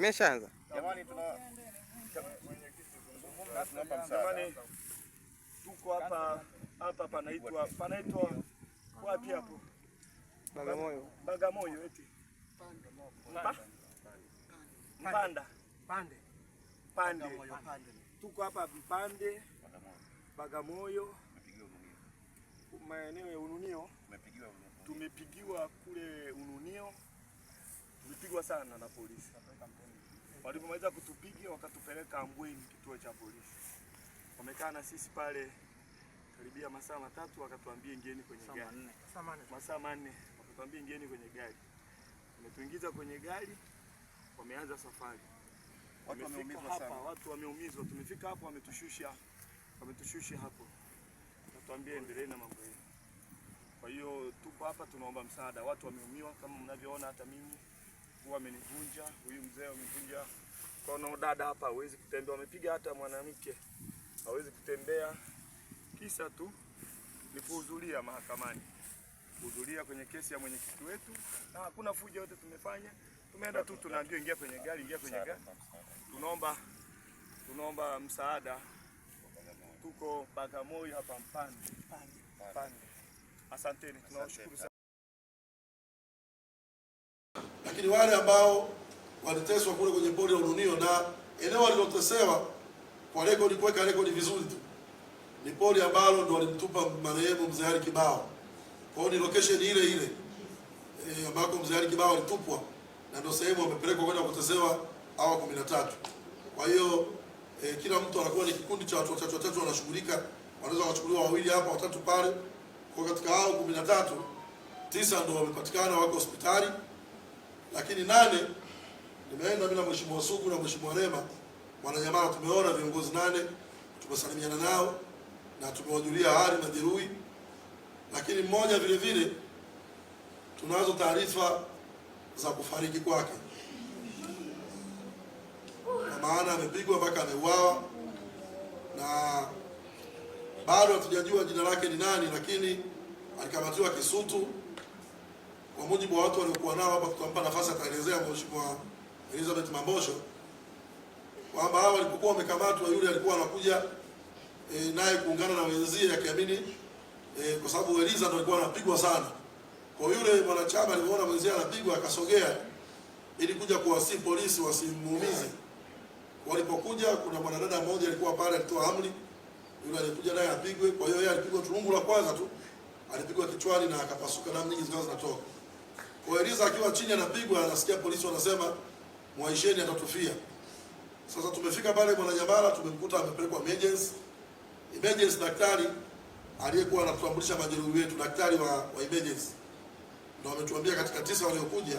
Meshaanza jamani, tuko hapa hapa, panaitwa panaitwa wapi hapo? Bagamoyo, Bagamoyo eti Mpanda, Pande, Pande, tuko hapa Mpande, Bagamoyo maeneo ya Ununio tumepigiwa, tumepigiwa kule Ununio tumepigwa sana na polisi. Walipomaliza kutupiga wakatupeleka Ambweni kituo cha polisi, wamekaa na sisi pale karibia masaa matatu, wakatuambia ingieni kwenye gari, masaa manne, wakatuambia ingieni kwenye gari. Wametuingiza kwenye gari, wameanza safari. Watu wameumizwa, watu wameumizwa. Tumefika hapo wametushusha, wametushusha hapo tuambie endelee na mambo yenu. Kwa hiyo tupo hapa tunaomba msaada, watu wameumia kama mnavyoona, hata mimi huwa amenivunja huyu mzee amevunja kono, dada hapa hawezi kutembea, wamepiga hata mwanamke hawezi kutembea, kisa tu ni kuhudhuria mahakamani, kuhudhuria kwenye kesi ya mwenyekiti wetu, na hakuna fujo yote tumefanya, tumeenda tu tunaambiwa ingia kwenye gari, ingia kwenye gari. Tunaomba tunaomba msaada tuko Bagamoyo hapa Mpande. Mpande. Asanteni, tunawashukuru sana. Lakini wale ambao waliteswa kule kwenye pori ya Ununio na eneo walilotesewa kwa rekodi, kuweka rekodi vizuri tu, ni pori ambalo ndo walimtupa marehemu mzee Ali Kibao. Kwa hiyo ni location ile ile e, ambako mzee Ali Kibao alitupwa na ndio sehemu wamepelekwa kwenda kutesewa hawa kumi na tatu. Kwa hiyo e, kila mtu anakuwa ni kikundi cha watu watatu watatu wanashughulika, wanaweza wachukuliwa wawili hapa watatu pale. Kwa katika hao kumi na tatu, tisa ndio wamepatikana wako hospitali, lakini nane nimeenda mimi na mheshimiwa Sugu na mheshimiwa Rema Mwananyamala, tumeona viongozi nane, tumesalimiana nao na tumewajulia hali majeruhi, lakini mmoja vile vile tunazo taarifa za kufariki kwake na maana amepigwa mpaka ameuawa, na bado hatujajua jina lake ni nani, lakini alikamatiwa Kisutu. Kwa mujibu wa watu waliokuwa nao hapa, tutampa nafasi ataelezea Mheshimiwa Elizabeth Mambosho kwamba hao walipokuwa wamekamatwa, yule alikuwa anakuja e, naye kuungana na wenzie akiamini e, kwa sababu Eliza ndo alikuwa anapigwa sana. Kwa yule mwanachama alipoona mwenzie anapigwa, akasogea ili kuja kuwasii polisi wasimuumize walipokuja kuna mwanadada mmoja alikuwa pale, alitoa amri yule alikuja naye apigwe. Kwa hiyo yeye alipigwa tulungu la kwanza tu, alipigwa kichwani na akapasuka, damu nyingi zikawa zinatoka. Kwa hiyo Eliza akiwa chini anapigwa, anasikia polisi wanasema mwaisheni, atatufia. Sasa tumefika pale Bwana Jabara, tumemkuta amepelekwa emergency. Emergency daktari aliyekuwa anatutambulisha majeruhi wetu, daktari wa, wa emergency ndio ametuambia katika tisa waliokuja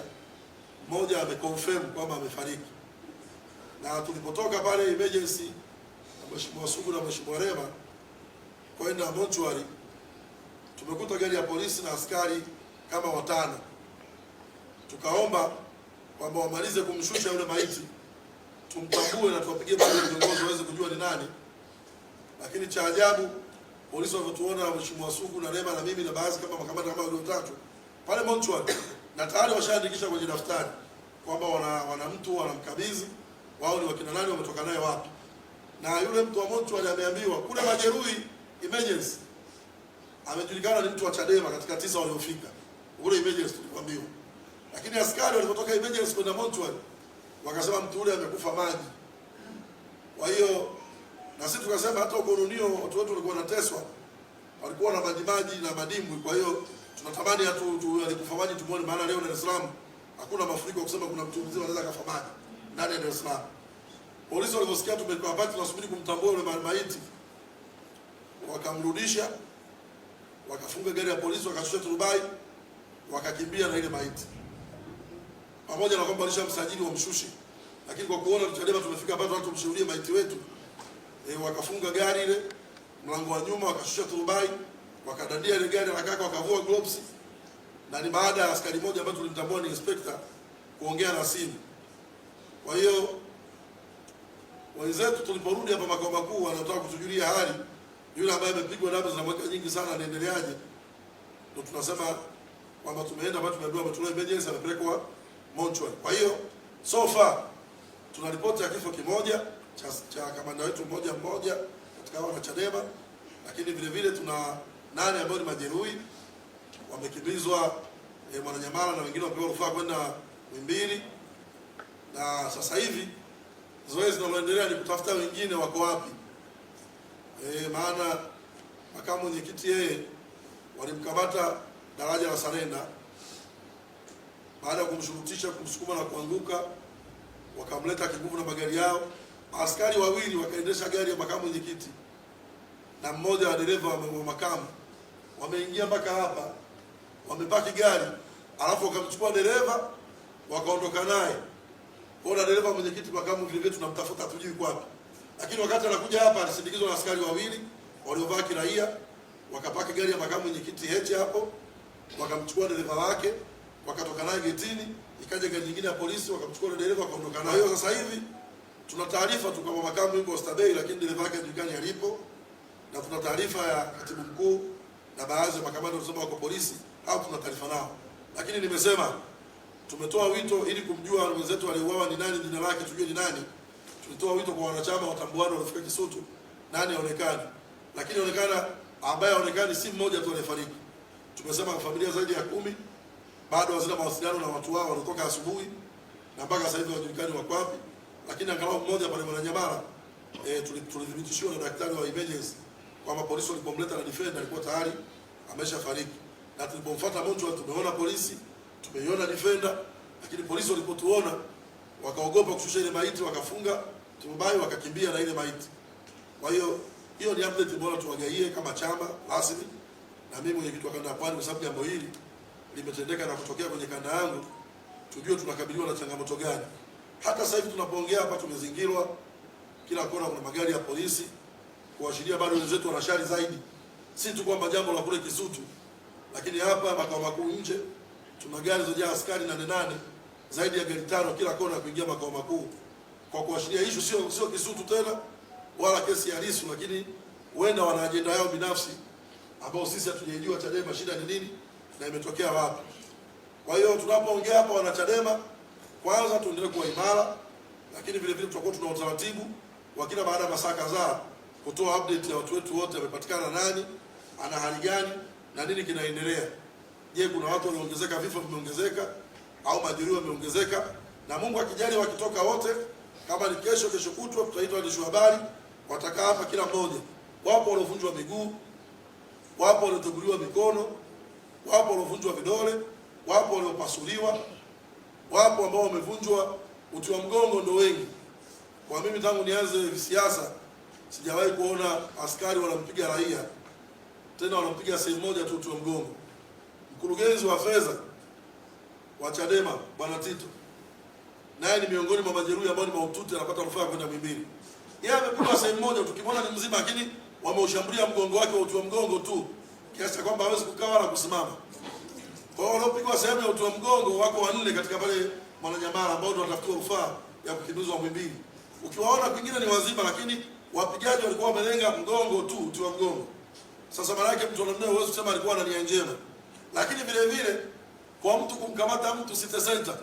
mmoja ameconfirm kwamba amefariki na tulipotoka pale emergency na mheshimiwa Sugu na mheshimiwa Rema kwenda mortuary, tumekuta gari ya polisi na askari kama watano. Tukaomba kwamba wamalize kumshusha yule maiti tumtambue na tuwapigie viongozi waweze kujua ni nani, lakini cha ajabu polisi walivyotuona mheshimiwa Sugu na Rema na mimi na baadhi kama makamanda kama waliotatu pale mortuary, na tayari washaandikisha kwenye daftari kwamba wana, wana mtu wanamkabidhi wao ni wakina nani, wametoka naye wapi. Na yule mtu wa moto aliambiwa kule majeruhi emergency, amejulikana ni mtu wa Chadema katika tisa waliofika ule emergency tulikwambiwa. Lakini askari walipotoka emergency kwenda mochwari, wakasema mtu ule amekufa maji. Kwa hiyo na sisi tukasema hata ukorunio watu wetu walikuwa wanateswa, walikuwa na maji maji na madimbwi, kwa hiyo tunatamani hatu alikufa maji tumuone, maana leo Dar es Salaam hakuna mafuriko kusema kuna mtu mzima anaweza kafa maji ndani ya Dar es Salaam. Polisi waliposikia tumepata, tunasubiri kumtambua yule maiti, wakamrudisha, wakafunga gari ya polisi, wakashusha turubai, wakakimbia na ile maiti, pamoja na kwamba alisha msajili wamshushe, lakini kwa kuona Chadema tumefika hapa watu tumshuhudie maiti wetu e, wakafunga gari ile, mlango wa nyuma wakashusha turubai, wakadadia ile gari la kaka, wakavua gloves, na ni baada ya askari mmoja ambaye tulimtambua ni inspector kuongea na simu kwa hiyo wenzetu tuliporudi hapa makao makuu, wanataka kutujulia hali, yule ambaye amepigwa damu za mwaka nyingi sana anaendeleaje? Ndio tunasema kwamba tumeenda hapa, tumeambiwa ametolewa emergency, amepelekwa mochwari. Kwa hiyo so far tuna ripoti ya kifo kimoja cha, cha kamanda wetu mmoja mmoja katika hao wanachadema, lakini vile vile tuna nane ambao ni majeruhi wamekimbizwa e, Mwananyamala na wengine wamepewa rufaa kwenda mbili na sasa hivi zoezi linaloendelea ni kutafuta wengine wako wapi. E, maana makamu mwenyekiti yeye walimkamata daraja la Sarenda baada ya kumshurutisha, kumsukuma na kuanguka, wakamleta kinguvu na magari yao. Askari wawili wakaendesha gari ya makamu mwenyekiti na mmoja wa dereva wa makamu, wameingia mpaka hapa, wamepaki gari, alafu wakamchukua dereva wakaondoka naye. Kwa hiyo na dereva mwenyekiti makamu vile vile tunamtafuta tujui kwapi. Lakini wakati anakuja hapa alisindikizwa na askari wawili waliovaa kiraia wakapaki gari ya makamu mwenyekiti Heche hapo, wakamchukua dereva wake, wakatoka naye getini, ikaja gari nyingine ya polisi wakamchukua na dereva wakaondoka naye. Hiyo Sasa hivi tuna taarifa tu kwamba makamu yuko Oysterbay, lakini dereva wake hajulikani alipo, na tuna taarifa ya katibu mkuu na baadhi ya makamanda wa polisi hao, tuna taarifa nao, lakini nimesema tumetoa wito ili kumjua wenzetu waliouawa ni nani, jina lake tujue ni nani. Tulitoa wito kwa wanachama wa watambuane waliofika Kisutu nani aonekane, lakini aonekana ambaye aonekani si mmoja tu aliyefariki. Tumesema familia zaidi ya kumi bado hazina mawasiliano na watu wao walitoka asubuhi na mpaka sasa hivi hawajulikani wako wapi, lakini angalau mmoja pale Mwananyamala eh, tulithibitishiwa na daktari wa emergency kwamba polisi walipomleta na defender alikuwa tayari ameshafariki, na tulipomfuata mtu tumeona polisi tumeiona defender, lakini polisi walipotuona wakaogopa kushusha ile maiti, wakafunga turubai, wakakimbia na ile maiti. Kwa hiyo hiyo ni update bora tuwagaie kama chama rasmi, na mimi mwenyekiti wa kanda ya Pwani, kwa sababu jambo hili limetendeka na kutokea kwenye kanda yangu, tujue tunakabiliwa na changamoto gani. Hata sasa hivi tunapoongea hapa, tumezingirwa kila kona, kuna magari ya polisi kuashiria bado wenzetu wanashari zaidi, si tu kwamba jambo la kule Kisutu, lakini hapa makao makuu nje tuna gari zilizojaa askari nane nane zaidi ya gari tano kila kona kuingia makao makuu, kwa kuashiria hicho sio sio Kisutu tena wala kesi ya Lissu, lakini huenda wana ajenda yao binafsi ambao sisi hatujaijua Chadema shida ni nini na imetokea wapi. Kwa hiyo tunapoongea hapa, wana Chadema, kwanza tuendelee kuwa imara, lakini vile vile tutakuwa tuna utaratibu wa kila baada ya masaa kadhaa kutoa update ya watu wetu wote, wamepatikana nani, ana hali gani na nini kinaendelea. Je, kuna watu wameongezeka, vifo vimeongezeka au majeruhi wameongezeka? Na Mungu akijali, wa wakitoka wote, kama ni kesho, kesho kutwa, tutaita waandishi wa habari, watakaa hapa kila mmoja. Wapo waliovunjwa miguu, wapo waliotoguliwa mikono, wapo waliovunjwa vidole, wapo waliopasuliwa, wapo ambao wamevunjwa uti wa mgongo, ndo wengi. Kwa mimi tangu nianze siasa sijawahi kuona askari wanampiga raia, tena wanampiga sehemu moja tu uti wa mgongo mkurugenzi wa fedha wa Chadema bwana Tito naye ni miongoni mwa majeruhi ambao ni mahututi, anapata rufaa kwenda Muhimbili. Yeye amepigwa sehemu moja, tukimwona ni mzima, lakini wameushambulia mgongo wake wa uti wa mgongo tu kiasi cha kwamba hawezi kukaa wala kusimama. Kwa hiyo waliopigwa sehemu ya uti wa mgongo wako wanne katika pale Mwananyamala, ambao ndio watafutiwa rufaa ya kukimbizwa Muhimbili. Ukiwaona kwingine ni wazima, lakini wapigaji walikuwa wamelenga mgongo tu, uti wa mgongo. Sasa maana yake mtu anamnea, huwezi kusema alikuwa anania njema. Lakini vile vile kwa mtu kumkamata mtu City Center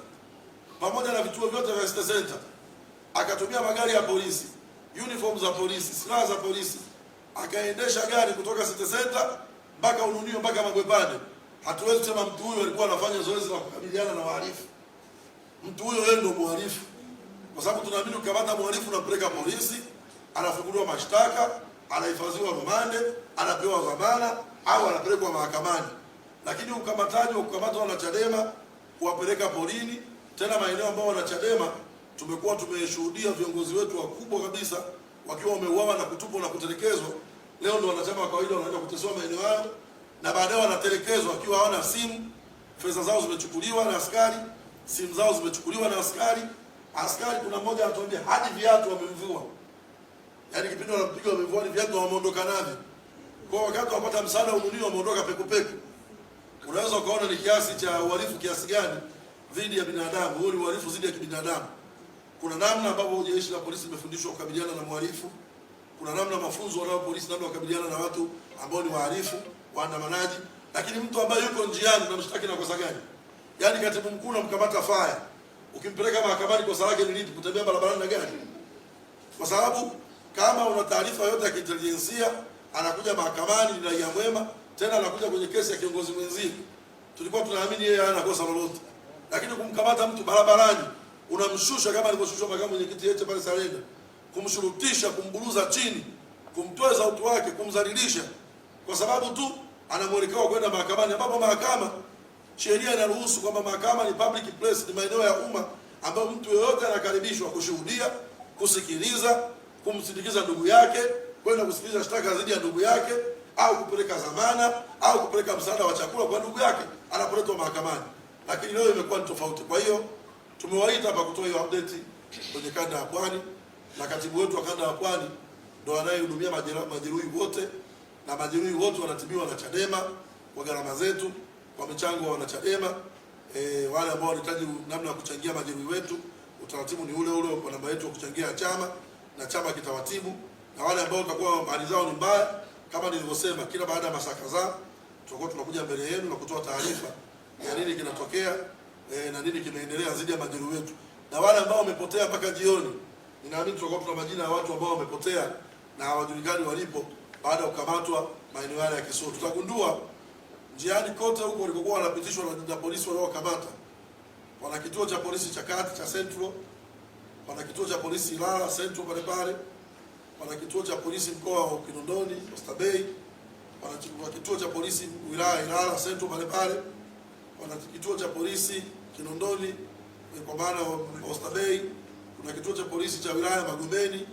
pamoja na vituo vyote vya City Center, akatumia magari ya polisi, uniform za polisi, silaha za polisi, akaendesha gari kutoka City Center mpaka Ununio mpaka Magwepande, hatuwezi kusema mtu huyo alikuwa anafanya zoezi la kukabiliana na wahalifu. Mtu huyo yeye ndio mhalifu, kwa sababu tunaamini ukamata mhalifu unapeleka polisi, anafunguliwa mashtaka, anahifadhiwa rumande, anapewa dhamana au anapelekwa mahakamani lakini ukamataji wa kukamata wanachadema kuwapeleka porini, tena maeneo ambayo wanachadema tumekuwa tumeshuhudia viongozi wetu wakubwa kabisa wakiwa wameuawa na kutupwa na kutelekezwa. Leo ndo wanachama wa kawaida wanaenda kutesewa maeneo hayo na baadaye wanatelekezwa wakiwa hawana simu, fedha zao zimechukuliwa na askari, simu zao zimechukuliwa na askari. Askari kuna mmoja anatuambia hadi viatu wamemvua, yaani kipindi wanampiga wamemvua ni viatu, wameondoka navyo. Kwa wakati wapata msaada ununio, wameondoka pekupeku unaweza ukaona ni kiasi cha uhalifu kiasi gani dhidi ya binadamu. Huu ni uhalifu dhidi ya kibinadamu. Kuna namna ambapo jeshi la polisi limefundishwa kukabiliana na mhalifu, kuna namna mafunzo wanao polisi namna kukabiliana na watu ambao ni wahalifu, waandamanaji. Lakini mtu ambaye yuko njiani na mshtaki na kosa gani? Yaani katibu mkuu namkamata faya, ukimpeleka mahakamani kosa lake ni lipi? Kutembea barabarani na gari? Kwa sababu kama una taarifa yote ya kiintelijensia, anakuja mahakamani ni raia mwema tena anakuja kwenye kesi ya kiongozi mwenzio. Tulikuwa tunaamini yeye hana kosa lolote, lakini kumkamata mtu barabarani unamshusha kama alivyoshushwa makamu mwenyekiti yetu pale Sarenda, kumshurutisha, kumburuza chini, kumtoa utu wake, kumdhalilisha kwa sababu tu ana mwelekeo kwenda mahakamani, ambapo mahakama sheria inaruhusu kwamba mahakama ni public place, ni maeneo ya umma ambayo mtu yeyote anakaribishwa kushuhudia, kusikiliza, kumsindikiza ndugu yake, kwenda kusikiliza shtaka dhidi ya ndugu yake au kupeleka zamana au kupeleka msaada wa chakula kwa ndugu yake anapoletwa mahakamani, lakini leo imekuwa ni tofauti. Kwa hiyo tumewaita hapa kutoa hiyo update kwenye kanda ya Pwani, na katibu wetu wa kanda ya Pwani ndo anayehudumia majeruhi wote, na majeruhi wote wanatibiwa na Chadema kwa gharama zetu, kwa michango wa wanachadema. E, wale ambao wanahitaji namna ya kuchangia majeruhi wetu, utaratibu ni ule ule kwa namba yetu ya kuchangia chama na chama kitawatibu, na wale ambao watakuwa hali zao ni mbaya kama nilivyosema, kila baada ya masaa kadhaa tutakuwa tunakuja mbele yenu na kutoa taarifa ya nini kinatokea e, na nini kinaendelea zidi ya majeruhi wetu na wale ambao wamepotea mpaka jioni. Ninaamini tutakuwa tuna majina ya watu ambao wamepotea na hawajulikani walipo baada ya kukamatwa maeneo yale ya Kisoro. Tutagundua njiani kote huko walikokuwa wanapitishwa na polisi waliowakamata, wana kituo cha polisi cha kati cha Central, wana kituo cha polisi Ilala Central pale pale wana kituo cha polisi mkoa wa Kinondoni Bay, wana kituo cha polisi wilaya Ilala Central pale pale, wana kituo cha polisi Kinondoni eh, kwa maana Bay, kuna kituo cha polisi cha wilaya Magomeni,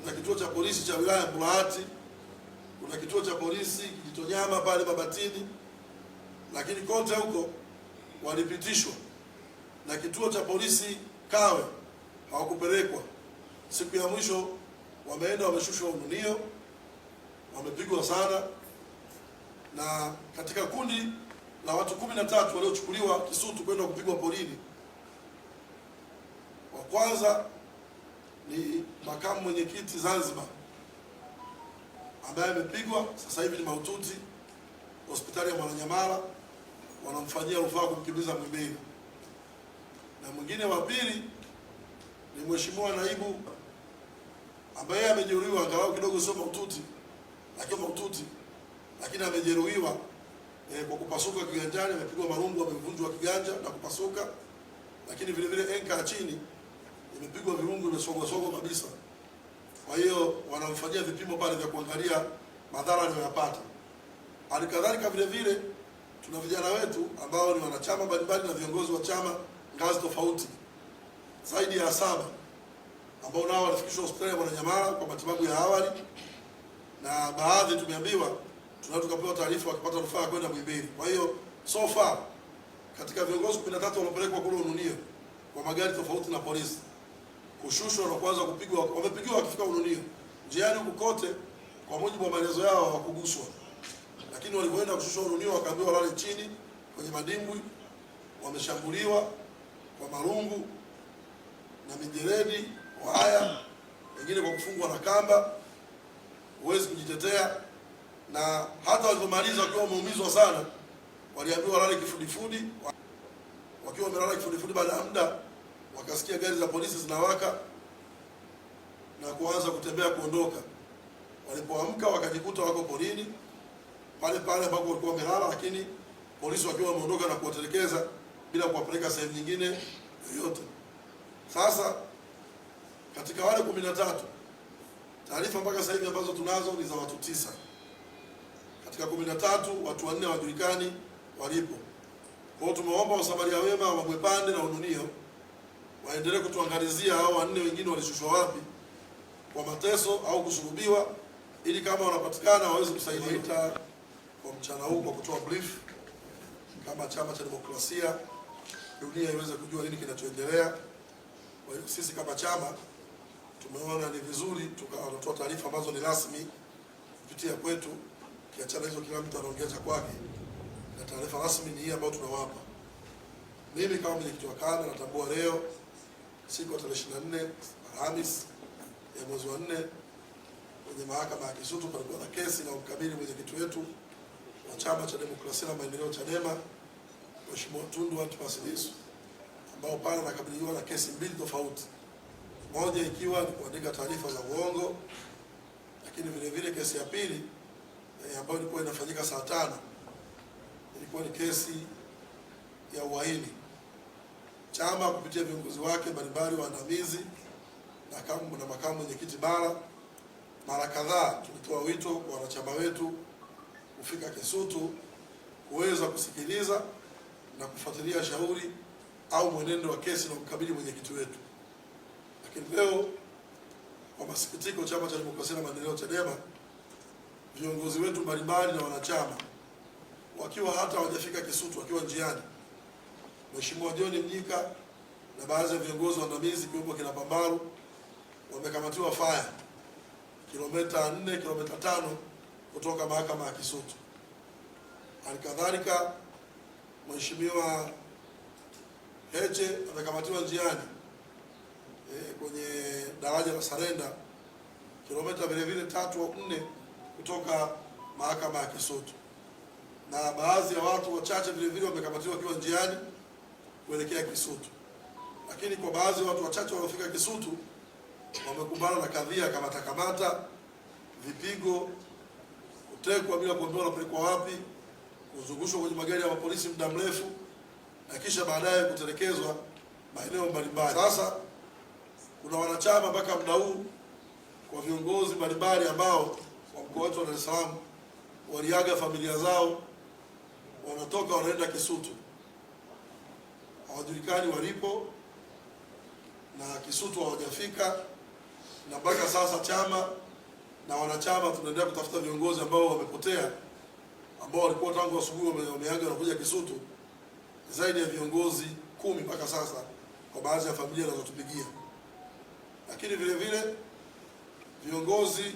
kuna kituo cha polisi cha wilaya Bulahati, kuna kituo cha polisi Kijitonyama pale Mabatini. Lakini kote huko walipitishwa na kituo cha polisi Kawe hawakupelekwa siku ya mwisho wameenda wameshushwa ununio, wamepigwa sana. Na katika kundi la watu kumi na tatu waliochukuliwa Kisutu kwenda kupigwa porini, wa kwanza ni makamu mwenyekiti Zanzibar ambaye amepigwa, sasa hivi ni mahututi hospitali ya Mwananyamala, wanamfanyia rufaa kumkimbiza Mwimbili. Na mwingine wa pili ni mheshimiwa naibu ambaye yeye amejeruhiwa angalau kidogo, sio mahututi, lakini mahututi, lakini amejeruhiwa eh, kwa kupasuka kiganjani, amepigwa marungu, amevunjwa kiganja na kupasuka, lakini vile vile enka ya chini imepigwa virungu, imesogwasogwa kabisa. Kwa hiyo wanamfanyia vipimo pale vya kuangalia madhara aliyoyapata. Halikadhalika vile vile tuna vijana wetu ambao ni wanachama mbalimbali na viongozi wa chama ngazi tofauti zaidi ya saba ambao nao walifikishwa hospitali ya Mwananyamala kwa matibabu ya awali, na baadhi tumeambiwa tunao tukapewa taarifa wakipata rufaa kwenda Muhimbili. Kwa hiyo so far katika viongozi 13 waliopelekwa kule Ununio kwa magari tofauti na polisi kushushwa na kuanza kupigwa, wamepigwa wakifika Ununio njiani huko kote, kwa mujibu wa maelezo yao hawakuguswa, lakini walipoenda kushushwa Ununio wakaambiwa walale chini kwenye madimbwi, wameshambuliwa kwa marungu na mijeledi kwa haya, wengine kwa kufungwa na kamba, huwezi kujitetea. Na hata walipomaliza wakiwa wameumizwa sana, waliambiwa walale kifudifudi. Wakiwa wamelala kifudifudi, baada ya muda wakasikia gari za polisi zinawaka na kuanza kutembea kuondoka. Walipoamka wakajikuta wako porini pale pale ambapo walikuwa wamelala, lakini polisi wakiwa wameondoka na kuwatelekeza bila kuwapeleka sehemu nyingine yoyote. Sasa katika wale kumi na tatu, taarifa mpaka sasa hivi ambazo tunazo ni za watu tisa. Katika kumi na tatu watu wanne hawajulikani walipo. Kwa hiyo tumeomba wasamaria wema wa Mwepande na Ununio waendelee kutuangalizia hao wanne wengine walishushwa wapi kwa mateso au kusulubiwa, ili kama wanapatikana waweze kusaidia kwa mchana huu kwa kutoa brief kama chama cha demokrasia dunia iweze kujua nini kinachoendelea sisi kama chama tumeona ni vizuri tukatoa taarifa ambazo ni rasmi kupitia kwetu, kiachana hizo, kila mtu anaongeza kwake, na taarifa rasmi ni hii ambayo tunawapa. Mimi kama mwenyekiti wa kanda natambua leo siku ya tarehe 24 Alhamisi ya mwezi wa 4 kwenye mahakama ya Kisutu palikuwa na kesi na umkabili mwenyekiti wetu wa Chama cha Demokrasia na Maendeleo, Chadema, Mheshimiwa Tundu Antipas Lissu, ambao pale anakabiliwa na kesi mbili tofauti moja ikiwa ni kuandika taarifa za uongo, lakini vile vile kesi ya pili eh, ambayo ilikuwa inafanyika saa tano ilikuwa ni kesi ya uhaini. Chama kupitia viongozi wake mbalimbali waandamizi na kama na makamu mwenyekiti bara, mara kadhaa tulitoa wito kwa wanachama wetu kufika Kisutu kuweza kusikiliza na kufuatilia shauri au mwenendo wa kesi na kukabili mwenyekiti wetu. Leo kwa masikitiko, chama cha demokrasia na maendeleo CHADEMA, viongozi wetu mbalimbali na wanachama wakiwa hata hawajafika Kisutu, wakiwa njiani, Mheshimiwa John Mnyika na baadhi ya viongozi waandamizi kiwepo kina Pambaru wamekamatiwa faya kilomita 4 kilomita tano kutoka mahakama ya Kisutu. Halikadhalika Mheshimiwa Heche amekamatiwa njiani eh, kwenye daraja la Sarenda kilomita vile vile tatu au nne kutoka mahakama ya Kisutu, na baadhi ya watu wachache vile vile wamekamatiwa wakiwa njiani kuelekea Kisutu, lakini kwa baadhi ya watu wachache waliofika Kisutu wamekumbana na kadhia kamata kamata, vipigo, kutekwa bila kuambiwa wanapelekwa wapi, kuzungushwa kwenye magari ya mapolisi muda mrefu na kisha baadaye kutelekezwa maeneo mbalimbali. Sasa kuna wanachama mpaka muda huu kwa viongozi mbalimbali ambao wa mkoa wetu wa Dar es Salaam waliaga familia zao, wanatoka wanaenda Kisutu, hawajulikani walipo na Kisutu hawajafika, na mpaka sasa chama na wanachama tunaendelea kutafuta viongozi ambao wamepotea, ambao walikuwa tangu asubuhi wameaga wanakuja Kisutu, zaidi ya viongozi kumi mpaka sasa, kwa baadhi ya familia zinazotupigia lakini vile vile viongozi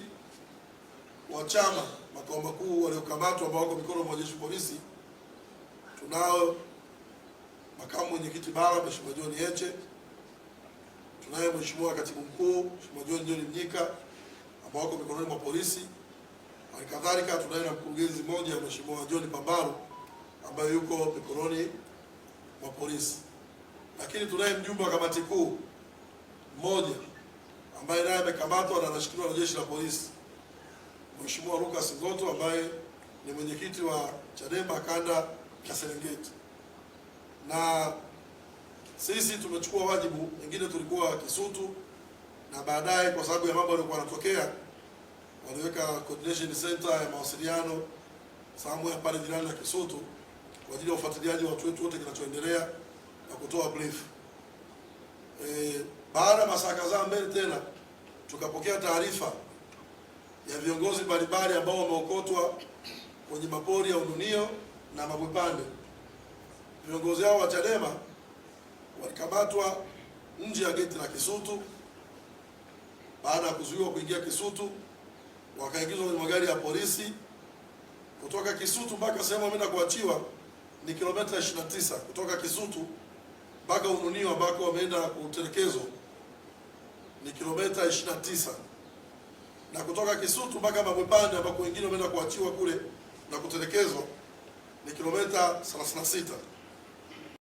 wa chama makao makuu waliokamatwa ambao wako mikono mwa jeshi polisi, tunao makamu mwenyekiti bara Mheshimiwa John Heche, tunaye Mheshimiwa katibu mkuu Mheshimiwa John John Mnyika ambao wako mikononi mwa polisi. halikadhalika tunaye na mkurugenzi mmoja Mheshimiwa John Pambaro ambaye yuko mikononi mwa polisi, lakini tunaye mjumbe wa kamati kuu mmoja ambaye naye amekamatwa na anashikiliwa na jeshi la polisi. Mheshimiwa Lucas Ngoto ambaye ni mwenyekiti wa Chadema kanda ya Serengeti, na sisi tumechukua wajibu, wengine tulikuwa Kisutu na baadaye kwa sababu ya mambo yaliokuwa yanatokea waliweka coordination center ya mawasiliano sehemu ya pale jirani ya Kisutu kwa ajili ya ufuatiliaji wa watu wetu wote kinachoendelea na kutoa brief. Eh, baada ya masaa kadhaa mbele tena tukapokea taarifa ya viongozi mbalimbali ambao wameokotwa kwenye mapori ya Ununio na Mabwepande. Viongozi hao wa Chadema walikamatwa nje ya geti la Kisutu baada ya kuzuiwa kuingia Kisutu, wakaingizwa kwenye magari ya polisi. Kutoka Kisutu mpaka sehemu wameenda kuachiwa ni kilomita 29 kutoka Kisutu mpaka Ununio ambako wameenda kutelekezwa ni kilomita 29 na kutoka Kisutu mpaka Mabwepande ambako wengine wameenda kuachiwa kule na kutelekezwa ni kilomita 36.